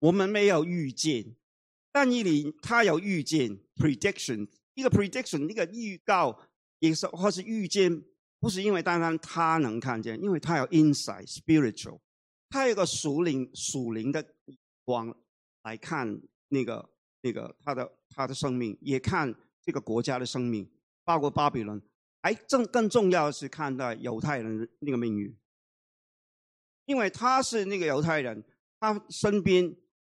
我們沒有預見，但以理他有預見 prediction 一個 prediction 一個預告，也是，或是預見，不是因為單單他能看見，因為他有 inside spiritual，他有一個屬靈屬靈的光來看那個那個他的他的生命，也看這個國家的生命，包括巴比倫，誒，更更重要的是看到猶太人的那個命運，因為他是那個猶太人，他身邊。